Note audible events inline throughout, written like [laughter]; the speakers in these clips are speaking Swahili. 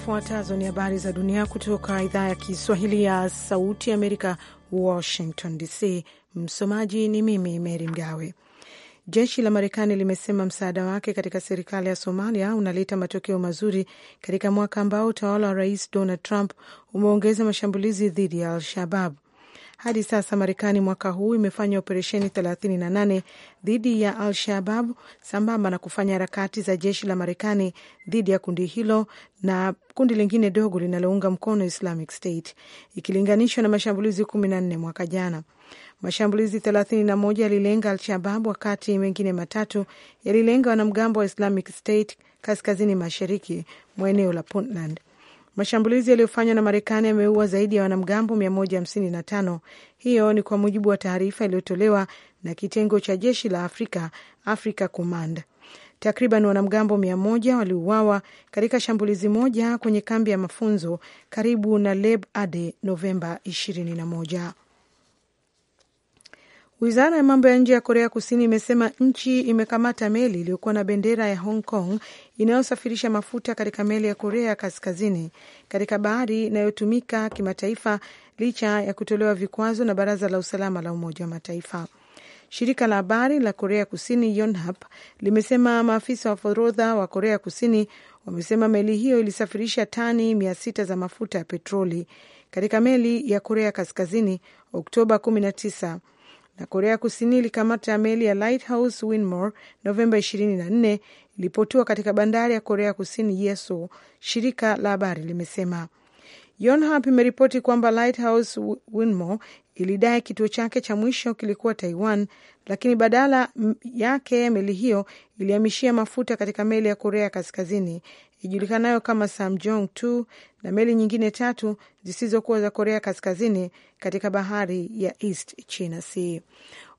Zifuatazo ni habari za dunia kutoka idhaa ya Kiswahili ya Sauti ya Amerika, Washington DC. Msomaji ni mimi mery Mgawe. Jeshi la Marekani limesema msaada wake katika serikali ya Somalia unaleta matokeo mazuri katika mwaka ambao utawala wa Rais Donald Trump umeongeza mashambulizi dhidi ya Al-Shabab. Hadi sasa Marekani mwaka huu imefanya operesheni 38 dhidi ya Al Shabab sambamba na kufanya harakati za jeshi la Marekani dhidi ya kundi hilo na kundi lingine dogo linalounga mkono Islamic State ikilinganishwa na mashambulizi 14 mwaka jana. Mashambulizi 31 yalilenga Al-Shabab wakati mengine matatu yalilenga wanamgambo wa Islamic State kaskazini mashariki mwa eneo la Puntland. Mashambulizi yaliyofanywa na Marekani yameua zaidi ya wanamgambo 155. Hiyo ni kwa mujibu wa taarifa iliyotolewa na kitengo cha jeshi la Afrika, Africa Command. Takriban wanamgambo 100 waliuawa katika shambulizi moja kwenye kambi ya mafunzo karibu na Leb Ade Novemba 21. Wizara ya mambo ya nje ya Korea Kusini imesema nchi imekamata meli iliyokuwa na bendera ya Hong Kong inayosafirisha mafuta katika meli ya Korea Kaskazini katika bahari inayotumika kimataifa licha ya kutolewa vikwazo na Baraza la Usalama la Umoja wa Mataifa. Shirika la habari la Korea Kusini Yonhap limesema maafisa wa forodha wa Korea Kusini wamesema meli hiyo ilisafirisha tani mia sita za mafuta ya petroli katika meli ya Korea Kaskazini Oktoba 19 na Korea Kusini ilikamata meli ya Lighthouse Winmore Novemba 24 ilipotua katika bandari ya Korea Kusini Yeso, shirika la habari limesema. Yonhap imeripoti kwamba Lighthouse Winmore ilidai kituo chake cha mwisho kilikuwa Taiwan, lakini badala yake meli hiyo ilihamishia mafuta katika meli ya Korea Kaskazini ijulikanayo kama Samjong 2 na meli nyingine tatu zisizokuwa za Korea Kaskazini katika bahari ya East China Sea.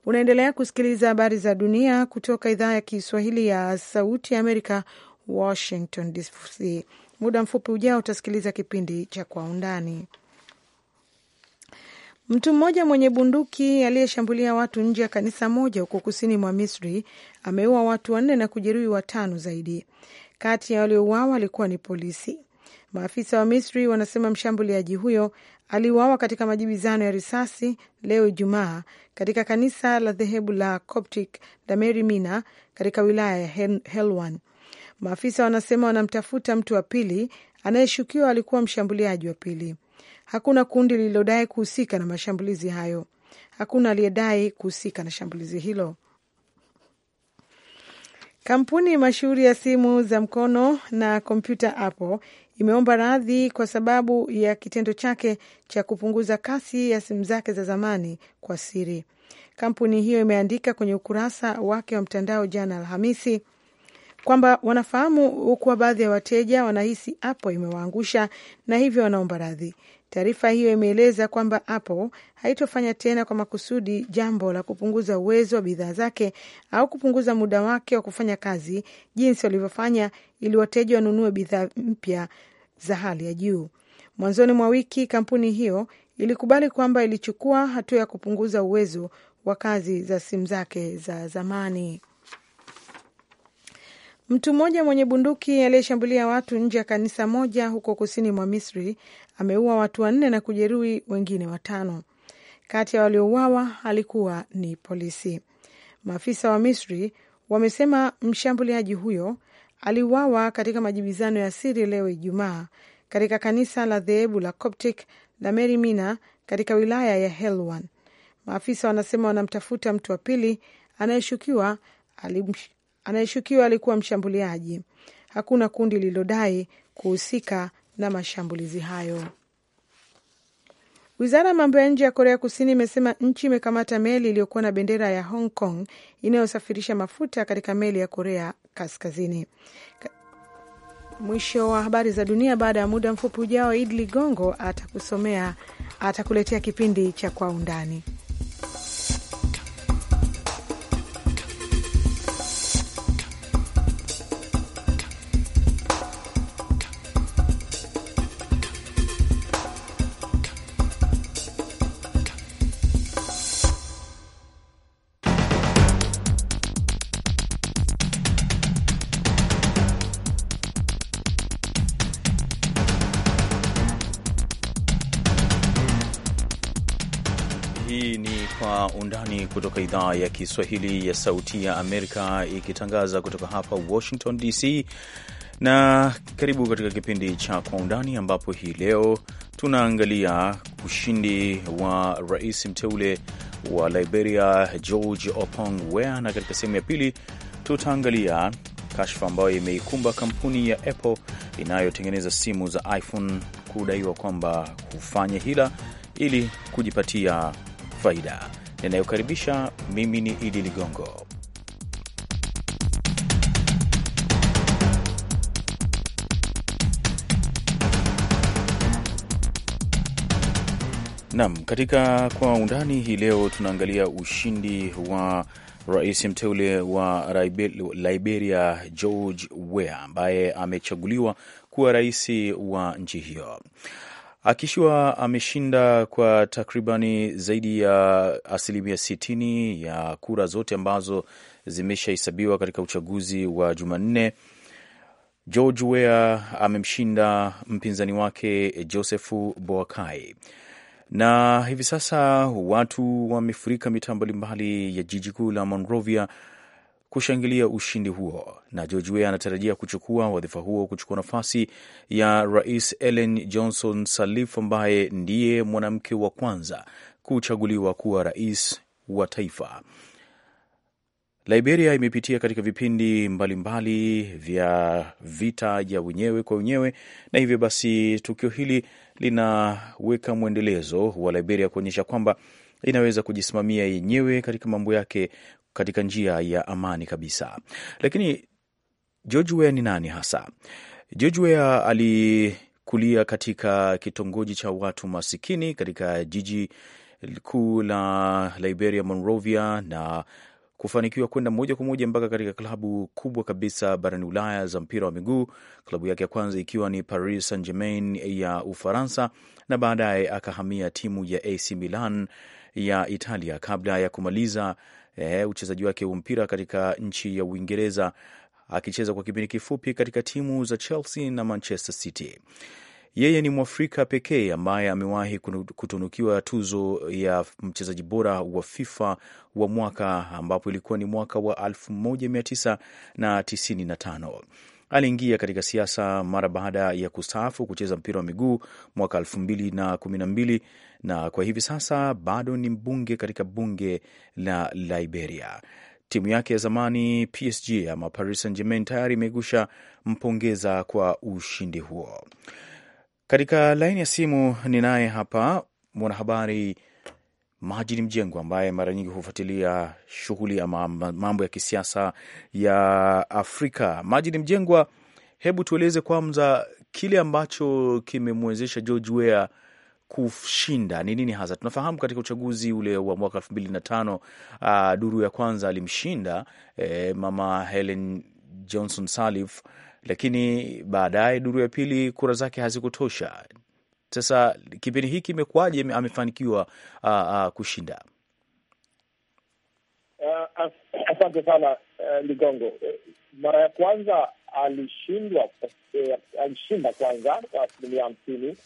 Unaendelea kusikiliza habari za dunia kutoka idhaa ya Kiswahili ya Sauti ya Amerika, Washington DC. Muda mfupi ujao utasikiliza kipindi cha Kwa Undani. Mtu mmoja mwenye bunduki aliyeshambulia watu nje ya kanisa moja huko kusini mwa Misri ameua watu wanne na kujeruhi watano zaidi. Kati ya waliouawa walikuwa ni polisi. Maafisa wa Misri wanasema mshambuliaji huyo aliuawa katika majibizano ya risasi leo Ijumaa katika kanisa la dhehebu la Coptic la Mary Mina katika wilaya ya Helwan. Maafisa wanasema wanamtafuta mtu wa pili anayeshukiwa alikuwa mshambuliaji wa pili. Hakuna kundi lililodai kuhusika na mashambulizi hayo. Hakuna aliyedai kuhusika na shambulizi hilo. Kampuni mashuhuri ya simu za mkono na kompyuta Apple imeomba radhi kwa sababu ya kitendo chake cha kupunguza kasi ya simu zake za zamani kwa siri. Kampuni hiyo imeandika kwenye ukurasa wake wa mtandao jana Alhamisi kwamba wanafahamu kuwa baadhi ya wateja wanahisi Apple imewaangusha na hivyo wanaomba radhi. Taarifa hiyo imeeleza kwamba Apple haitofanya tena kwa makusudi jambo la kupunguza uwezo wa bidhaa zake au kupunguza muda wake wa kufanya kazi jinsi walivyofanya ili wateja wanunue bidhaa mpya za hali ya juu. Mwanzoni mwa wiki, kampuni hiyo ilikubali kwamba ilichukua hatua ya kupunguza uwezo wa kazi za simu zake za zamani. Mtu mmoja mwenye bunduki aliyeshambulia watu nje ya kanisa moja huko kusini mwa Misri ameua watu wanne na kujeruhi wengine watano. Kati ya waliouawa alikuwa ni polisi. Maafisa wa Misri wamesema mshambuliaji huyo aliuawa katika majibizano ya siri leo Ijumaa katika kanisa la dhehebu la Coptic la Mary Mina katika wilaya ya Helwan. Maafisa wanasema wanamtafuta mtu wa pili anayeshukiwa alikuwa mshambuliaji. Hakuna kundi lililodai kuhusika na mashambulizi hayo. Wizara ya mambo ya nje ya Korea Kusini imesema nchi imekamata meli iliyokuwa na bendera ya Hong Kong inayosafirisha mafuta katika meli ya Korea Kaskazini. Mwisho wa habari za dunia. Baada ya muda mfupi ujao, Idi Ligongo atakusomea, atakuletea kipindi cha Kwa Undani. Undani kutoka idhaa ya Kiswahili ya Sauti ya Amerika, ikitangaza kutoka hapa Washington DC, na karibu katika kipindi cha Kwa Undani, ambapo hii leo tunaangalia ushindi wa rais mteule wa Liberia George Oppong Weah, na katika sehemu ya pili tutaangalia kashfa ambayo imeikumba kampuni ya Apple inayotengeneza simu za iPhone kudaiwa kwamba hufanya hila ili kujipatia faida ninayokaribisha mimi ni Idi Ligongo. Nam, katika kwa undani hii leo tunaangalia ushindi wa rais mteule wa Liberia George Weah ambaye amechaguliwa kuwa rais wa nchi hiyo akishiwa ameshinda kwa takribani zaidi ya asilimia sitini ya kura zote ambazo zimeshahesabiwa katika uchaguzi wa Jumanne. George Weah amemshinda mpinzani wake josefu Boakai, na hivi sasa watu wamefurika mitaa mbalimbali ya jiji kuu la Monrovia kushangilia ushindi huo, na George Weah anatarajia kuchukua wadhifa huo kuchukua nafasi ya Rais Ellen Johnson Sirleaf ambaye ndiye mwanamke wa kwanza kuchaguliwa kuwa rais wa taifa. Liberia imepitia katika vipindi mbalimbali mbali vya vita ya wenyewe kwa wenyewe, na hivyo basi tukio hili linaweka mwendelezo wa Liberia kuonyesha kwamba inaweza kujisimamia yenyewe katika mambo yake katika njia ya amani kabisa. Lakini George Weah ni nani hasa? George Weah alikulia katika kitongoji cha watu masikini katika jiji kuu la Liberia, Monrovia, na kufanikiwa kwenda moja kwa moja mpaka katika klabu kubwa kabisa barani Ulaya za mpira wa miguu, klabu yake ya kwanza ikiwa ni Paris Saint Germain ya Ufaransa, na baadaye akahamia timu ya AC Milan ya Italia kabla ya kumaliza eh, uchezaji wake wa mpira katika nchi ya Uingereza akicheza kwa kipindi kifupi katika timu za Chelsea na Manchester City. Yeye ni Mwafrika pekee ambaye amewahi kutunukiwa tuzo ya mchezaji bora wa FIFA wa mwaka ambapo ilikuwa ni mwaka wa 1995 aliingia katika siasa mara baada ya kustaafu kucheza mpira wa miguu mwaka elfu mbili na kumi na mbili na kwa hivi sasa bado ni mbunge katika bunge la Liberia. Timu yake ya zamani PSG ama Paris Saint Germain tayari imegusha mpongeza kwa ushindi huo. Katika laini ya simu ninaye hapa mwanahabari Majid Mjengwa ambaye mara nyingi hufuatilia shughuli ama mambo ya kisiasa ya Afrika. Majid Mjengwa, hebu tueleze kwanza kile ambacho kimemwezesha George Weah kushinda ni nini hasa? Tunafahamu katika uchaguzi ule wa mwaka elfu mbili na tano uh, duru ya kwanza alimshinda eh, mama Helen Johnson Sirleaf, lakini baadaye duru ya pili kura zake hazikutosha. Sasa kipindi hiki imekuwaje amefanikiwa kushinda? Uh, asante sana uh, Ligongo. Uh, mara ya kwanza alishindwa uh, alishinda kwanza kwa asilimia hamsini,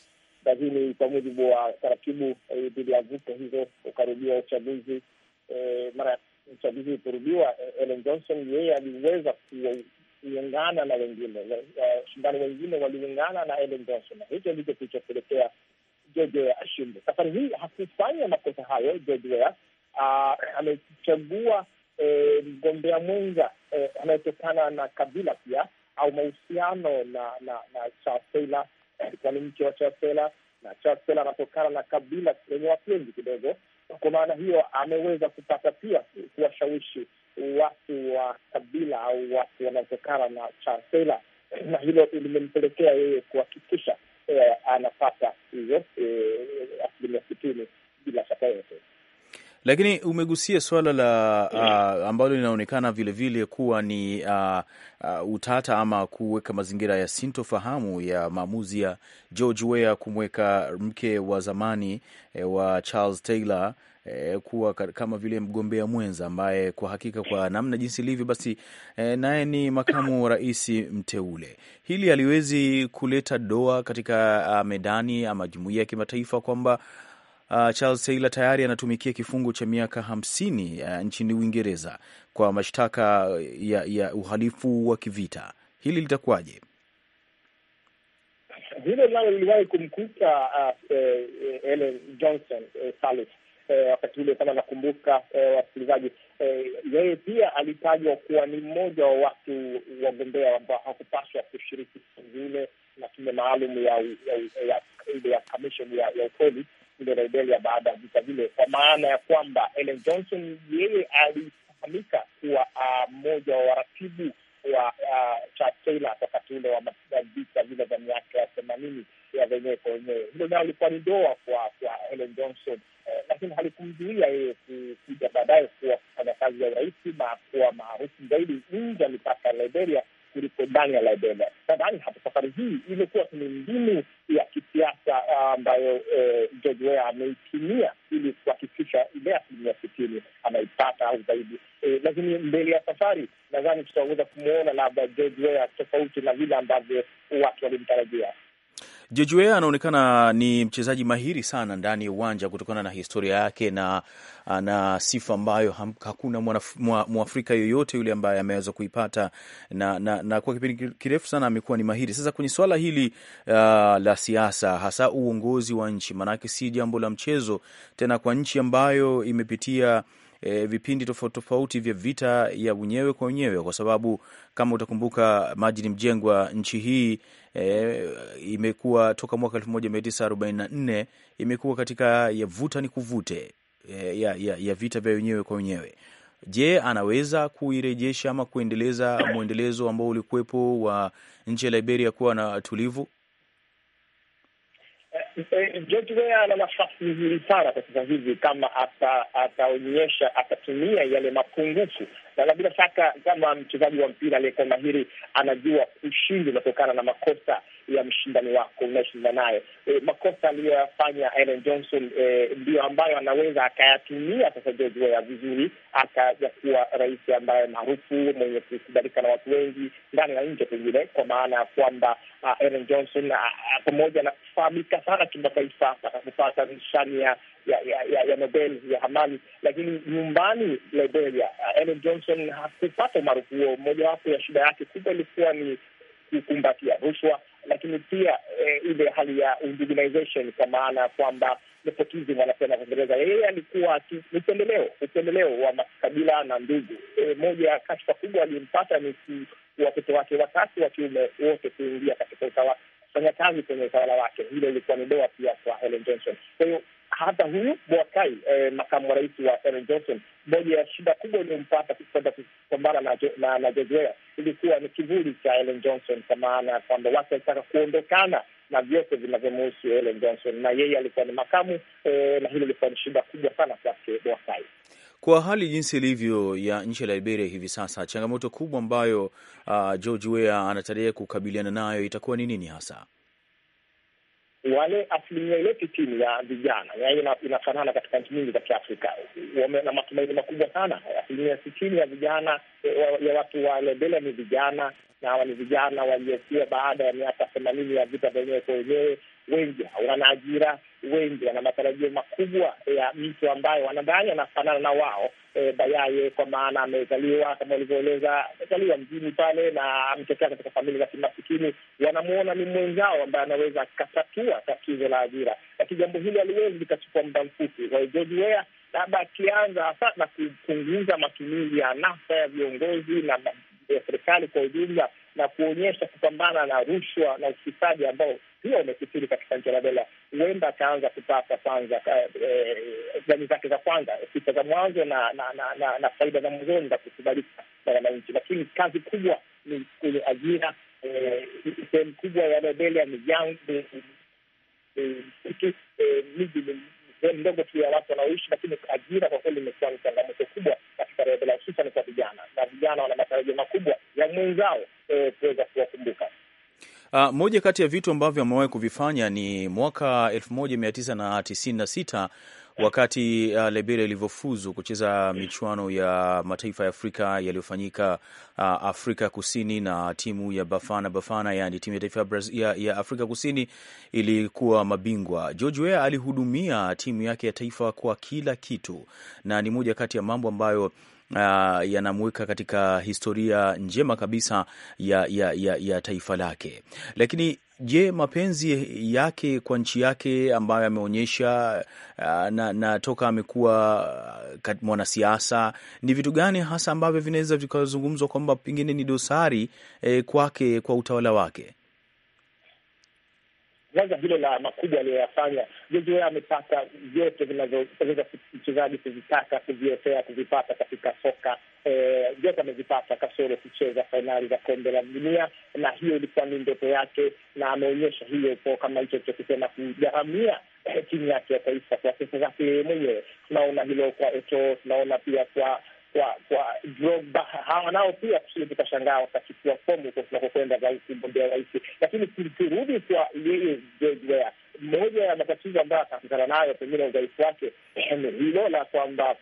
lakini kwa mujibu wa taratibu uh, dhidi ya vuto hizo ukarudiwa uchaguzi. Uh, mara uchaguzi uliporudiwa, uh, Ellen Johnson yeye aliweza kuungana na wengine washindani wengine waliungana na Ellen Johnson, na hicho ndicho kilichopelekea George Weah ashinde. Safari hii hakufanya makosa hayo. George Weah ah, amechagua eh, mgombea mwenza eh, anayetokana na kabila pia au mahusiano na na na Charles Taylor, alikuwa eh, ni mke wa Charles Taylor, na Charles Taylor anatokana na kabila lenye wapenzi kidogo. Kwa maana hiyo ameweza kupata pia kuwashawishi Raila au watu wanaotokana na Charles [clears throat] na hilo limempelekea yeye kuhakikisha eh, anapata hiyo eh, asilimia sitini bila shaka yote lakini umegusia swala la uh, ambalo linaonekana vilevile kuwa ni uh, uh, utata ama kuweka mazingira ya sintofahamu ya maamuzi ya George Weah kumweka mke wa zamani eh, wa Charles Taylor eh, kuwa kama vile mgombea mwenza ambaye kwa hakika kwa namna jinsi ilivyo basi eh, naye ni makamu wa rais mteule. Hili haliwezi kuleta doa katika uh, medani ama jumuiya ya kimataifa kwamba Uh, Charles Taylor tayari anatumikia kifungo cha miaka hamsini uh, nchini Uingereza kwa mashtaka eh, ya, ya uhalifu wa kivita. Hili litakuwaje? Hilo nalo liliwahi kumkuta uh, uh, Ellen Johnson uh, Sirleaf Eh, wakati ule, kama nakumbuka eh, wasikilizaji, eh, yeye pia alitajwa kuwa ni mmoja wa watu wagombea ambao hakupaswa kushiriki zile na tume maalum ya ya kamishen ya ukweli ile Liberia baada ya vita vile, kwa maana ya kwamba Ellen Johnson yeye alifahamika kuwa ah, mmoja wa waratibu wa ah, Chad Taylor wakati ule wa vita vile vya miaka ya themanini ya wenyewe kwa wenyewe. Hilo nao ilikuwa ni doa kwa kwa Helen Johnson, eh, lakini halikumzuia yeye kuja baadaye kuwa kufanya kazi ya urais na kuwa maarufu zaidi nje ya mipaka ya Liberia kuliko ndani ya Liberia. Nadhani hata safari hii imekuwa ni mbinu ya kisiasa ah, ambayo eh, George Weah ameitumia ili kuhakikisha ile asilimia sitini anaipata au zaidi. Eh, lakini mbele ya safari, nadhani tutaweza kumwona labda George Weah tofauti na vile ambavyo watu walimtarajia. Jejuea anaonekana ni mchezaji mahiri sana ndani ya uwanja kutokana na historia yake na na sifa ambayo hakuna Mwafrika yoyote yule ambaye ameweza kuipata na, na, na kwa kipindi kirefu sana amekuwa ni mahiri. Sasa kwenye swala hili uh, la siasa hasa uongozi wa nchi, maanake si jambo la mchezo tena kwa nchi ambayo imepitia e, vipindi tofauti tofauti vya vita ya wenyewe kwa wenyewe, kwa sababu kama utakumbuka maji ni Mjengwa, nchi hii e, imekuwa toka mwaka nne imekuwa katika ya vuta ni kuvute e, ya, ya, ya vita vya wenyewe kwa wenyewe. Je, anaweza kuirejesha ama kuendeleza mwendelezo ambao ulikuwepo wa nchi ya Liberia kuwa na tulivu? Eh, George Weah ana nafasi nzuri sana kwa sasa hivi, kama ataonyesha, atatumia yale mapungufu na bila shaka kama mchezaji wa mpira aliyekuwa mahiri anajua ushindi unatokana na makosa ya mshindani wako unaoshinda naye. E, makosa aliyoyafanya Ellen Johnson ndiyo e, ambayo anaweza akayatumia sasa George Weah vizuri, akaja kuwa rais ambaye maarufu mwenye kukubalika na watu wengi ndani na nje, pengine kwa maana ya kwamba Ellen Johnson pamoja na kufahamika sana kimataifa atakapopata nishani ya ya ya ya Nobel ya amani, lakini nyumbani Liberia, uh, Ellen Johnson hakupata umaarufu huo. Mojawapo ya shida yake kubwa ilikuwa ni kukumbatia rushwa, lakini pia eh, ile hali ya indigenization kwa maana ya kwamba nepotism wanasema Kiingereza. Yeye alikuwa upendeleo upendeleo wa makabila na ndugu. E, moja ya kashfa kubwa aliyempata ni watoto wake watatu wa kiume wote kuingia katika utawala, kufanya kazi kwenye utawala wake. Hilo ilikuwa ni doa pia kwa Helen Johnson. Kwa hiyo hata huyu Boakai eh, makamu wa rais wa Ellen Johnson, moja ya shida kubwa iliyompata kwenda kupambana na, na, na George Weah ilikuwa ni kivuli cha Ellen Johnson, kwa maana ya kwamba watu walitaka kuondokana na vyote vinavyomuhusu Ellen Johnson, na yeye alikuwa ni makamu eh, na hilo lilikuwa ni shida kubwa sana kwake Boakai. Kwa hali jinsi ilivyo ya nchi ya Liberia hivi sasa, changamoto kubwa ambayo uh, George Weah anatarajia kukabiliana nayo itakuwa ni nini hasa? wale asilimia ile tisini ya vijana, yaani inafanana katika nchi nyingi za Kiafrika, na matumaini makubwa sana. Asilimia sitini ya vijana eh, ya watu wale bele ni vijana, na hawa ni vijana waliokuwa baada ya miaka themanini ya vita vyenyewe kwa wenyewe wengi hawana ajira, wengi wana matarajio makubwa ya mtu ambaye wanadhani anafanana na wao e, bayaye, kwa maana amezaliwa kama walivyoeleza, amezaliwa mjini pale na ametokea katika familia za kimasikini. Wanamwona ni mwenzao ambaye anaweza akatatua tatizo la ajira, lakini jambo hili aliwezi likachukua muda mfupi. Kwa hiyo George Weah labda akianza hasa na kupunguza matumizi ya nafsa ya viongozi na ya serikali kwa ujumla na kuonyesha kupambana na rushwa na ufisadi ambao pia umekithiri katika nchi ya Mandela, huenda ataanza kupata kwanza gani eh, eh, zake za kwanza sifa za mwanzo na na faida za mwanzoni za kukubalika na wananchi, lakini kazi kubwa ni kwenye ajira. Eh, sehemu kubwa ya Mandela ni miji sehemu ndogo tu ya watu wanaoishi, lakini ajira kwa kweli imekuwa ni changamoto kubwa katika Rebela, hususan kwa vijana, na vijana wana matarajio makubwa ya mwenzao eh, kuweza kuwakumbuka. Uh, moja kati ya vitu ambavyo amewahi kuvifanya ni mwaka elfu moja mia tisa na tisini na sita wakati uh, Liberia ilivyofuzu kucheza michuano ya mataifa ya Afrika yaliyofanyika uh, Afrika Kusini na timu ya Bafana Bafana, yani timu ya taifa ya, ya Afrika Kusini ilikuwa mabingwa. George Weah alihudumia timu yake ya taifa kwa kila kitu, na ni moja kati ya mambo ambayo uh, yanamweka katika historia njema kabisa ya, ya, ya, ya taifa lake. Lakini je, mapenzi yake kwa nchi yake ambayo ameonyesha uh, na, na toka amekuwa uh, mwanasiasa, ni vitu gani hasa ambavyo vinaweza vikazungumzwa kwamba pengine ni dosari eh, kwake kwa utawala wake? kwanza hilo la makubwa aliyoyafanya Jojo amepata vyote vinavyoweza mchezaji kuvitaka, kuviotea kuvipata katika soka e, vyote amevipata, kasoro kucheza fainali za kombe la dunia, na hiyo ilikuwa ni ndoto yake, na ameonyesha hiyo po kama hicho chokisema kugharamia eh, timu yake ya taifa kwa pesa zake mwenyewe. Tunaona hilo kwa Eto, tunaona pia kwa kwa kwa Drogba hawa nao pia tusije tukashangaa wakachukua fomu huko tunakokwenda rais, mgombea rais. Lakini turudi kwa yeye George Weah, moja ya matatizo ambayo akakutana nayo pengine udhaifu wake [clears throat] ni hilo la kwamba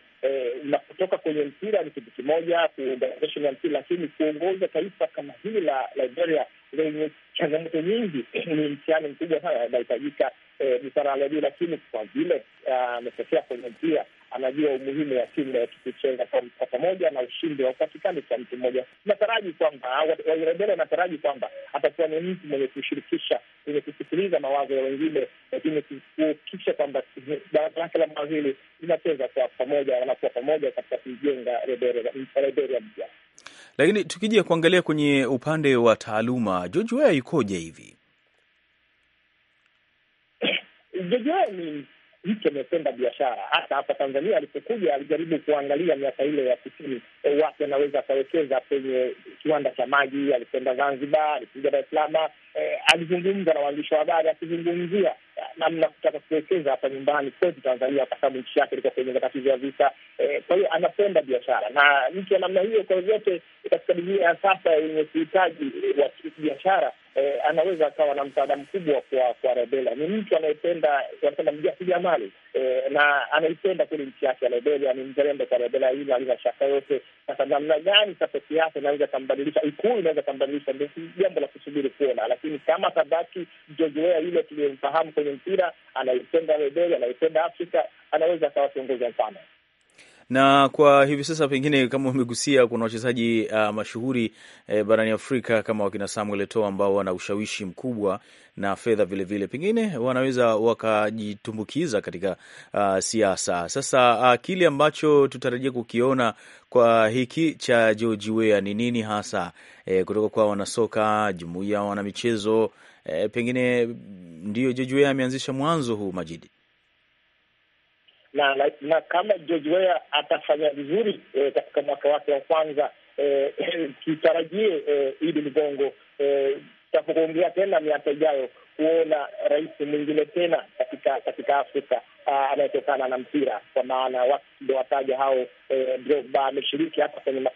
unapotoka eh, kwenye mpira ni kitu kimoja, kuorganization ya mpira, lakini kuongoza taifa kama hili la Liberia lenye changamoto nyingi [clears throat] ni mtihani mkubwa sana, inahitajika eh, misara lakini kwa vile ah, ametokea kwenye mpira anajua umuhimu wa timu ya kuchenga kwa pamoja na ushindi wa upatikani kwa mtu mmoja. Nataraji kwamba Wairebele wanataraji kwamba atakuwa ni mtu mwenye kushirikisha, mwenye kusikiliza mawazo ya wengine, lakini kuhakikisha kwamba baraza lake la mawaziri linacheza kwa pamoja, wanakuwa pamoja katika kuijenga Liberia mpya. Lakini tukija kuangalia kwenye upande wa taaluma, George Weah ikoje hivi? [coughs] George Weah ni nchi amependa biashara. Hata hapa Tanzania alipokuja, alijaribu kuangalia miaka ile ya sitini, e, anaweza akawekeza kwenye kiwanda cha maji. Alikwenda Zanzibar, alikuja Dar es Salaam, e, alizungumza na waandishi wa habari akizungumzia namna kutaka kuwekeza hapa nyumbani kwetu Tanzania, kwa sababu nchi yake ilikuwa kwenye matatizo ya vita. E, kwa hiyo anapenda biashara, na nchi ya namna hiyo kwa vyote katika dunia ya sasa yenye kuhitaji wa biashara eh, anaweza akawa na msaada mkubwa kwa kwa Rebela. Ni mtu anayependa wanasema mjasiriamali eh, na anaipenda kule nchi yake ya Rebela, ni mzalendo kwa Rebela, hilo halina shaka yote. Sasa namna gani sasa siasa inaweza kambadilisha ikulu inaweza kambadilisha ndio jambo la kusubiri kuona, lakini kama tabaki jojoea ile tuliyemfahamu kwenye mpira, anaipenda Rebela, anaipenda Afrika, anaweza akawa kiongozi mfano. Na kwa hivi sasa, pengine kama umegusia, kuna wachezaji uh, mashuhuri eh, barani Afrika kama wakina Samuel Eto'o ambao wana ushawishi mkubwa na fedha vilevile, pengine wanaweza wakajitumbukiza katika uh, siasa. Sasa uh, kile ambacho tutarajia kukiona kwa hiki cha George Weah ni nini hasa eh, kutoka kwa wanasoka, jumuiya wanamichezo eh, pengine ndio George Weah ameanzisha mwanzo huu Majidi na, na, na kama George Weah atafanya vizuri eh, katika mwaka wake wa kwanza eh, [clears throat] tutarajie eh, Idi Ligongo e, eh, tena miaka ijayo kuona rais mwingine tena katika katika Afrika ah, anayetokana na mpira, kwa maana watu wataja hao eh, Drogba ameshiriki hata kwenye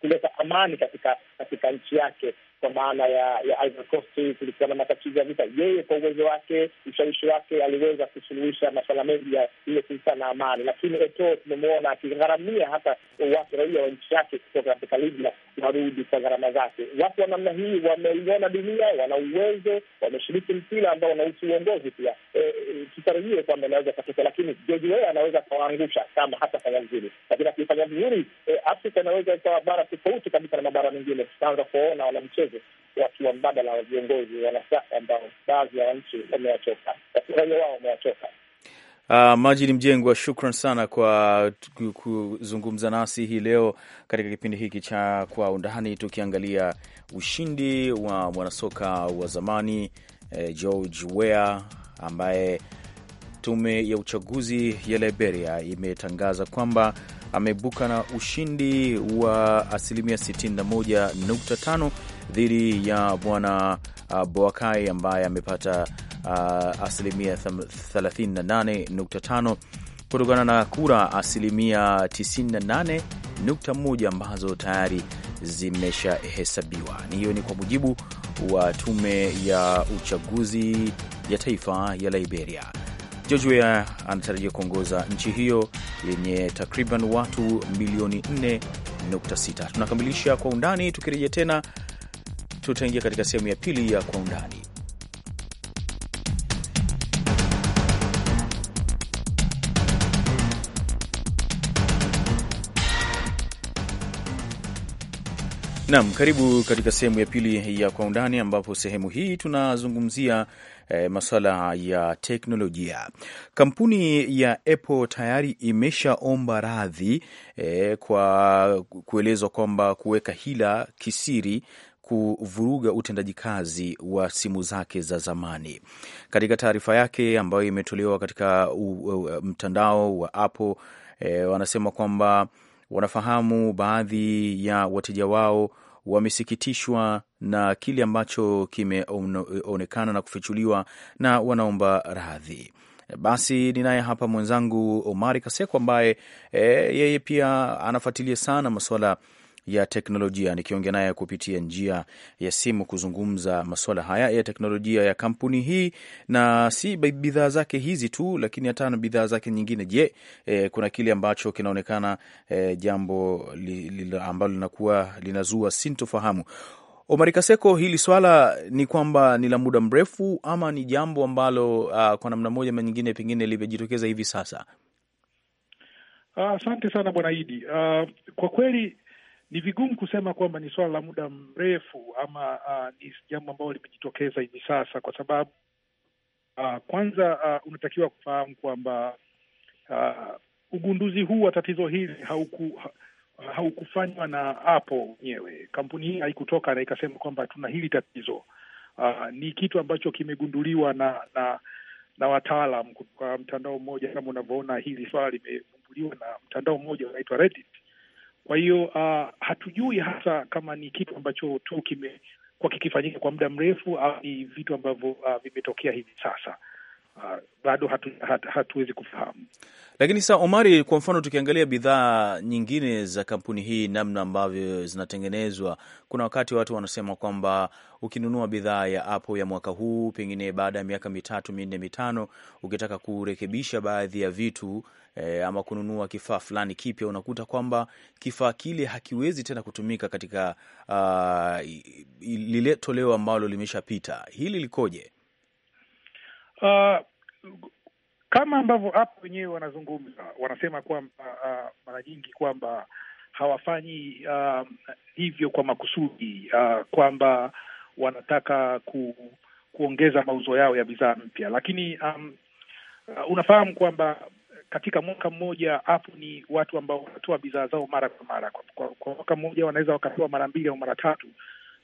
kuleta amani katika katika nchi yake kwa maana ya ya Ivory Coast, kulikuwa na matatizo ya vita. Yeye kwa uwezo wake, ushawishi wake, aliweza kusuluhisha masuala mengi ya ile kulikuwa na amani, lakini Eto'o tumemwona akigharamia hata watu raia wa nchi yake kutoka katika Libya utarudi kwa gharama zake. Watu wa namna hii wameiona dunia, wana uwezo, wameshiriki mpira ambao unahusu uongozi pia. E, e, tutarajie kwamba inaweza katokea, lakini George Weah anaweza akawaangusha kama hata fanya vizuri, lakini akifanya vizuri, e, Afrika inaweza ikawa bara tofauti kabisa na mabara mengine. Tutaanza kuwaona wanamchezo wakiwa mbadala wa viongozi, wanasiasa ambao baadhi ya wananchi wamewachoka, raia wao wamewachoka. Uh, Majid Mjengwa, shukran sana kwa kuzungumza nasi hii leo katika kipindi hiki cha Kwa Undani, tukiangalia ushindi wa mwanasoka wa zamani eh, George Weah ambaye Tume ya uchaguzi ya Liberia imetangaza kwamba ameibuka na ushindi wa asilimia 61.5 dhidi ya bwana uh, Boakai ambaye amepata uh, asilimia 38.5 kutokana na kura asilimia 98.1 ambazo tayari zimeshahesabiwa. Hiyo ni kwa mujibu wa tume ya uchaguzi ya taifa ya Liberia. George Weah anatarajia kuongoza nchi hiyo yenye takriban watu milioni 4.6. Tunakamilisha kwa undani, tukirejea tena tutaingia katika sehemu ya pili ya kwa undani. Naam, karibu katika sehemu ya pili ya kwa undani, ambapo sehemu hii tunazungumzia e, eh, masuala ya teknolojia. Kampuni ya Apple tayari imeshaomba radhi e, kwa kuelezwa kwamba kuweka hila kisiri kuvuruga utendaji kazi wa simu zake za zamani. Katika taarifa yake ambayo imetolewa katika u, u, mtandao wa Apple e, wanasema kwamba wanafahamu baadhi ya wateja wao wamesikitishwa na kile ambacho kimeonekana na kufichuliwa na wanaomba radhi. Basi ninaye hapa mwenzangu Omari Kaseko ambaye e, yeye pia anafuatilia sana masuala ya teknolojia, nikiongea naye kupitia njia ya simu kuzungumza masuala haya ya teknolojia ya kampuni hii, na si bidhaa zake hizi tu, lakini hata na bidhaa zake nyingine. Je, e, kuna kile ambacho kinaonekana e, jambo li, li, ambalo linakuwa linazua sintofahamu Omari Kaseko, hili swala ni kwamba ni la muda mrefu ama ni jambo ambalo uh, kwa namna moja ama nyingine pengine limejitokeza hivi sasa? Asante uh, sana Bwana Idi. Uh, kwa kweli ni vigumu kusema kwamba ni swala la muda mrefu ama uh, ni jambo ambalo limejitokeza hivi sasa, kwa sababu uh, kwanza uh, unatakiwa kufahamu kwamba uh, ugunduzi huu wa tatizo hili hauku haukufanywa na Apple wenyewe. Kampuni hii haikutoka na ikasema kwamba tuna hili tatizo. Uh, ni kitu ambacho kimegunduliwa na na na wataalam kutoka mtandao mmoja, kama unavyoona hili swala limevumbuliwa na mtandao mmoja unaitwa Reddit kwa hiyo uh, hatujui hasa kama ni kitu ambacho tu kimekuwa kikifanyika kwa muda mrefu au ni vitu ambavyo uh, vimetokea hivi sasa. Uh, bado hatu, hatu, hatuwezi kufahamu. Lakini sasa, Omari, kwa mfano tukiangalia bidhaa nyingine za kampuni hii, namna ambavyo zinatengenezwa, kuna wakati watu wanasema kwamba ukinunua bidhaa ya Apple ya mwaka huu, pengine baada ya miaka mitatu minne mitano, ukitaka kurekebisha baadhi ya vitu e, ama kununua kifaa fulani kipya, unakuta kwamba kifaa kile hakiwezi tena kutumika katika uh, lile toleo ambalo limeshapita. Hili likoje? Uh, kama ambavyo hapo wenyewe wanazungumza, wanasema kwamba uh, mara nyingi kwamba hawafanyi uh, hivyo kwa makusudi uh, kwamba wanataka ku, kuongeza mauzo yao ya bidhaa mpya, lakini um, uh, unafahamu kwamba katika mwaka mmoja hapo ni watu ambao wanatoa bidhaa zao mara kwa mara. Kwa, kwa mwaka mmoja wanaweza wakatoa mara mbili au mara tatu,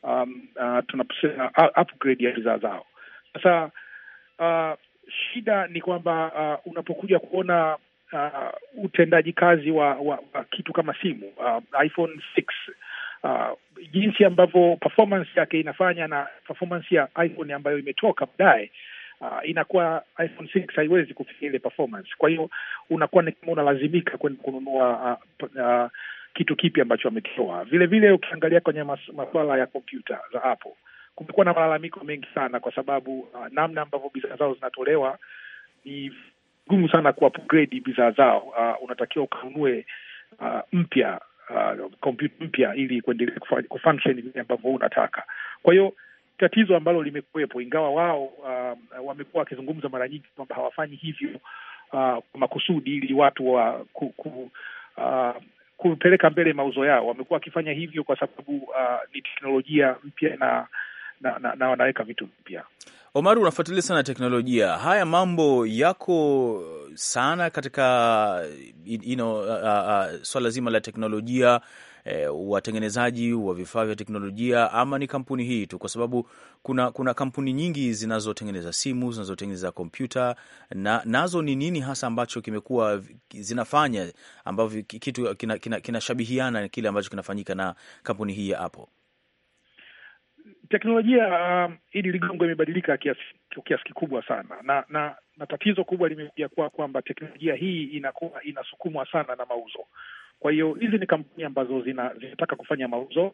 um, uh, tunaposema uh, upgrade ya bidhaa zao. Sasa uh, shida ni kwamba uh, unapokuja kuona uh, utendaji kazi wa, wa, wa kitu kama simu uh, iPhone 6 Uh, jinsi ambavyo performance yake inafanya na performance ya iPhone ambayo imetoka baadaye uh, inakuwa iPhone 6 haiwezi kufikia ile performance. Kwa hiyo unakuwa ni kama unalazimika kwenda kununua uh, uh, kitu kipi ambacho ametoa. Vile vile ukiangalia kwenye masuala ya kompyuta za Apple kumekuwa na malalamiko mengi sana, kwa sababu uh, namna ambavyo bidhaa zao zinatolewa ni gumu sana kuupgrade bidhaa zao. Uh, unatakiwa ukanunue uh, mpya kompyuta uh, mpya ili kuendelea kufunction vile ambavyo unataka. Kwa hiyo tatizo ambalo limekuwepo, ingawa wao uh, wamekuwa wakizungumza mara nyingi kwamba hawafanyi hivyo uh, kwa uh, makusudi ili watu wa ku, ku, uh, kupeleka mbele mauzo yao. Wamekuwa wakifanya hivyo kwa sababu uh, ni teknolojia mpya na na, na, na wanaweka vitu vipya Omar, unafuatilia sana teknolojia, haya mambo yako sana katika you know, uh, uh, uh swala zima la teknolojia e, watengenezaji wa vifaa vya teknolojia ama ni kampuni hii tu? Kwa sababu kuna, kuna kampuni nyingi zinazotengeneza simu, zinazotengeneza kompyuta na, nazo ni nini hasa ambacho kimekuwa zinafanya ambavyo kitu kinashabihiana kina, kina na kile ambacho kinafanyika na kampuni hii ya Apple? Teknolojia uh, um, ili ligongo imebadilika kiasi kiasi kikubwa sana na, na na tatizo kubwa limekuja kuwa kwamba teknolojia hii inakuwa inasukumwa sana na mauzo. Kwa hiyo hizi ni kampuni ambazo zina, zinataka kufanya mauzo.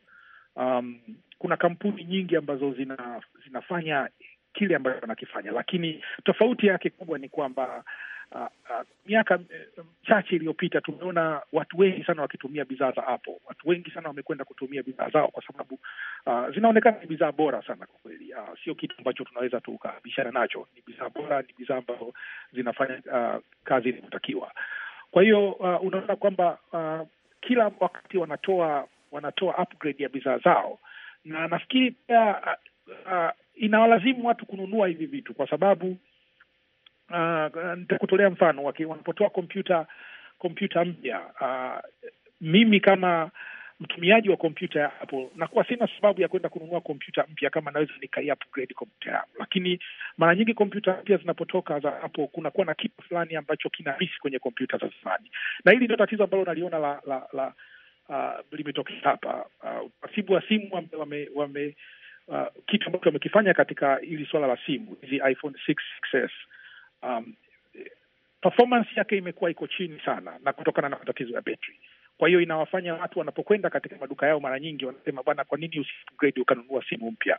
Um, kuna kampuni nyingi ambazo zina, zinafanya kile ambacho wanakifanya, lakini tofauti yake kubwa ni kwamba uh, uh, miaka michache um, uh, iliyopita tumeona watu wengi sana wakitumia bidhaa za Apple. Watu wengi sana wamekwenda kutumia bidhaa zao kwa sababu uh, zinaonekana ni bidhaa bora sana kwa kweli. Uh, sio kitu ambacho tunaweza tukabishana nacho. Ni bidhaa bora, ni bidhaa ambazo zinafanya uh, kazi inayotakiwa. Kwa hiyo uh, unaona kwamba uh, kila wakati wanatoa wanatoa upgrade ya bidhaa zao, na nafikiri pia uh, uh, inawalazimu watu kununua hivi vitu kwa sababu uh, nitakutolea mfano wanapotoa kompyuta kompyuta mpya uh, mimi kama mtumiaji wa kompyuta ya Apple, kuwa sina sababu ya kwenda kununua kompyuta mpya kama naweza nikai-upgrade kompyuta yangu. Lakini mara nyingi kompyuta mpya zinapotoka za Apple, kunakuwa na kitu fulani ambacho kina risi kwenye kompyuta za zamani, na hili ndio tatizo ambalo naliona la, la, la uh, limetokea hapa. Utaratibu uh, wa simu wame, wame uh, kitu ambacho wamekifanya katika hili swala la simu hizi iPhone 6, 6s um, performance yake imekuwa iko chini sana, na kutokana na matatizo ya kwa hiyo inawafanya watu wanapokwenda katika maduka yao, mara nyingi wanasema bwana, kwa nini usi-upgrade ukanunua simu mpya?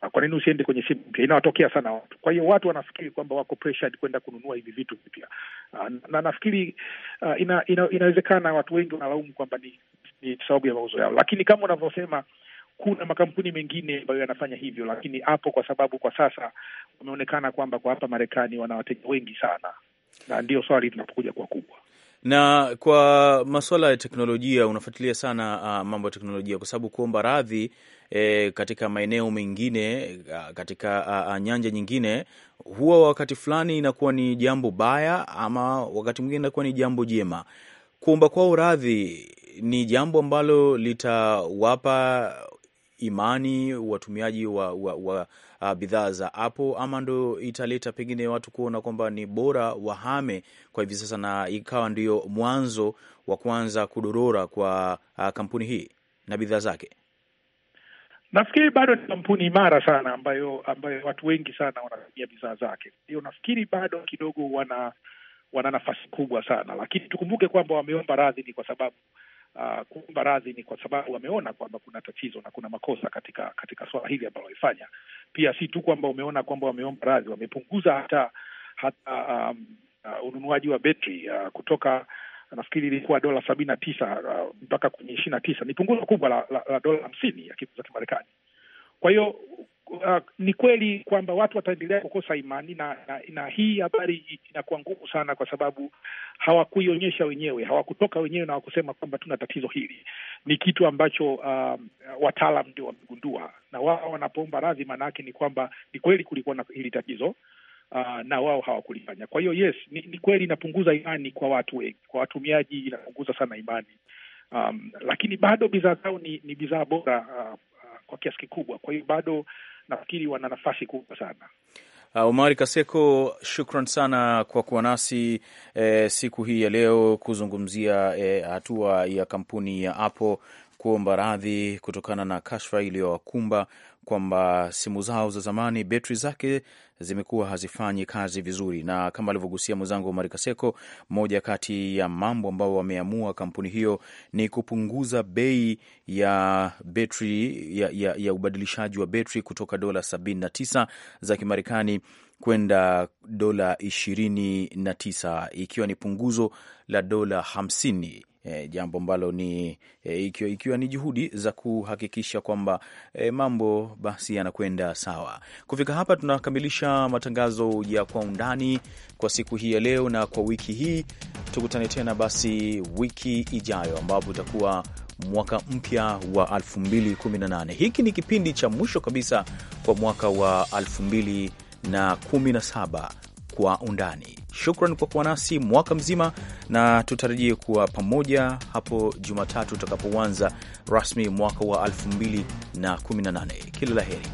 Ah, kwa nini usiende kwenye simu mpya? Inawatokea sana watu. Kwa hiyo watu wanafikiri kwamba wako pressured kwenda kununua hivi vitu vipya, ah, na nafikiri uh, ina, ina, inawezekana watu wengi wanalaumu kwamba ni, ni sababu ya mauzo yao, lakini kama unavyosema kuna makampuni mengine ambayo yanafanya hivyo, lakini hapo, kwa sababu kwa sasa wameonekana kwamba kwa hapa Marekani wana wateja wengi sana, na ndiyo swali linapokuja kwa kubwa. Na kwa masuala ya teknolojia unafuatilia sana uh, mambo ya teknolojia kwa sababu kuomba radhi E, katika maeneo mengine ah, katika a, ah, a, nyanja nyingine huwa wakati fulani inakuwa ni jambo baya, ama wakati mwingine inakuwa ni jambo jema. Kuomba kwao radhi ni jambo ambalo litawapa imani watumiaji wa, wa, wa uh, bidhaa za Apple ama ndo italeta pengine watu kuona kwamba ni bora wahame kwa hivi sasa, na ikawa ndio mwanzo wa kuanza kudorora kwa uh, kampuni hii na bidhaa zake? Nafikiri bado ni kampuni imara sana ambayo ambayo watu wengi sana wanatumia bidhaa zake, hiyo nafikiri bado kidogo wana wana nafasi kubwa sana, lakini tukumbuke kwamba wameomba radhi ni kwa sababu uh, kuomba radhi ni kwa sababu wameona kwamba kuna tatizo na kuna makosa katika katika swala hili ambalo wamefanya. Pia si tu kwamba wameona kwamba wameomba radhi, wamepunguza hata hata um, uh, ununuaji wa betri uh, kutoka nafikiri ilikuwa dola sabini na tisa uh, mpaka uh, kwenye ishirini na tisa. Ni punguzo kubwa la, la, la dola hamsini ya za Kimarekani. Kwa hiyo Uh, ni kweli kwamba watu wataendelea kukosa imani na, na, na hii habari inakuwa ngumu sana, kwa sababu hawakuionyesha wenyewe, hawakutoka wenyewe na wakusema kwamba tuna tatizo hili. Ni kitu ambacho uh, wataalam ndio wamegundua, na wao wanapoomba radhi, yake ni kwamba ni kweli kulikuwa na hili tatizo uh, na wao hawakulifanya. Kwa hiyo yes, ni, ni kweli inapunguza imani kwa watu wengi, kwa watumiaji inapunguza sana imani um, lakini bado bidhaa zao ni, ni bidhaa bora uh, kwa kiasi kikubwa. Kwa hiyo bado nafikiri wana nafasi kubwa sana. Ah, Omari Kaseko, shukran sana kwa kuwa nasi eh, siku hii ya leo kuzungumzia eh, hatua ya kampuni ya Apple kuomba radhi kutokana na kashfa iliyowakumba kwamba simu zao za zamani betri zake zimekuwa hazifanyi kazi vizuri, na kama alivyogusia mwenzangu Omari Kaseko, moja kati ya mambo ambao wameamua kampuni hiyo ni kupunguza bei ya betri ya, ya, ya ubadilishaji wa betri kutoka dola 79 za Kimarekani kwenda dola 29 ikiwa ni punguzo la dola 50 e, jambo ambalo ni e, eh, ikiwa, ikiwa ni juhudi za kuhakikisha kwamba e, mambo basi yanakwenda sawa. Kufika hapa tunakamilisha matangazo ya kwa undani kwa siku hii ya leo na kwa wiki hii. Tukutane tena basi wiki ijayo ambapo utakuwa mwaka mpya wa 2018. Hiki ni kipindi cha mwisho kabisa kwa mwaka wa 2017 kwa undani. Shukran kwa kuwa nasi mwaka mzima, na tutarajie kuwa pamoja hapo Jumatatu utakapoanza rasmi mwaka wa 2018. Kila la heri.